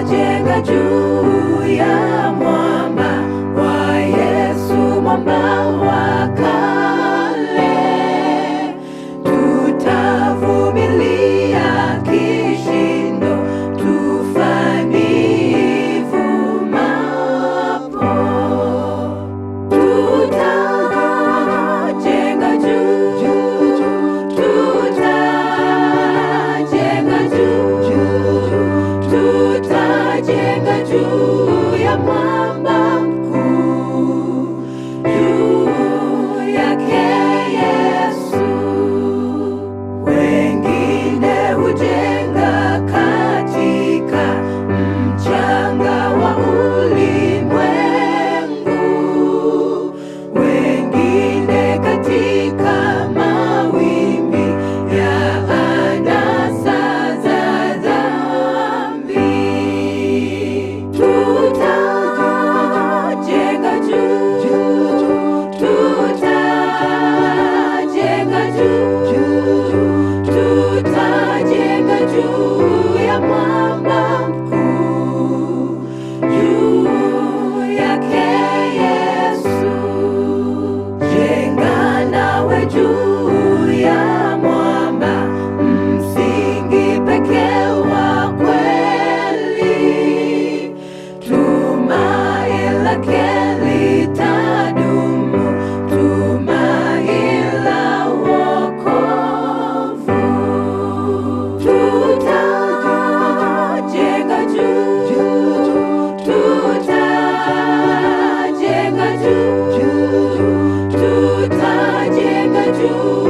tunajenga juu ya mwamba wa Yesu, mwamba wa kale. Tutavumilia kishindo, tufani vumapo, tutajenga juu, tutajenga juu, tuta Tunajenga juu ya mwamba. you. You.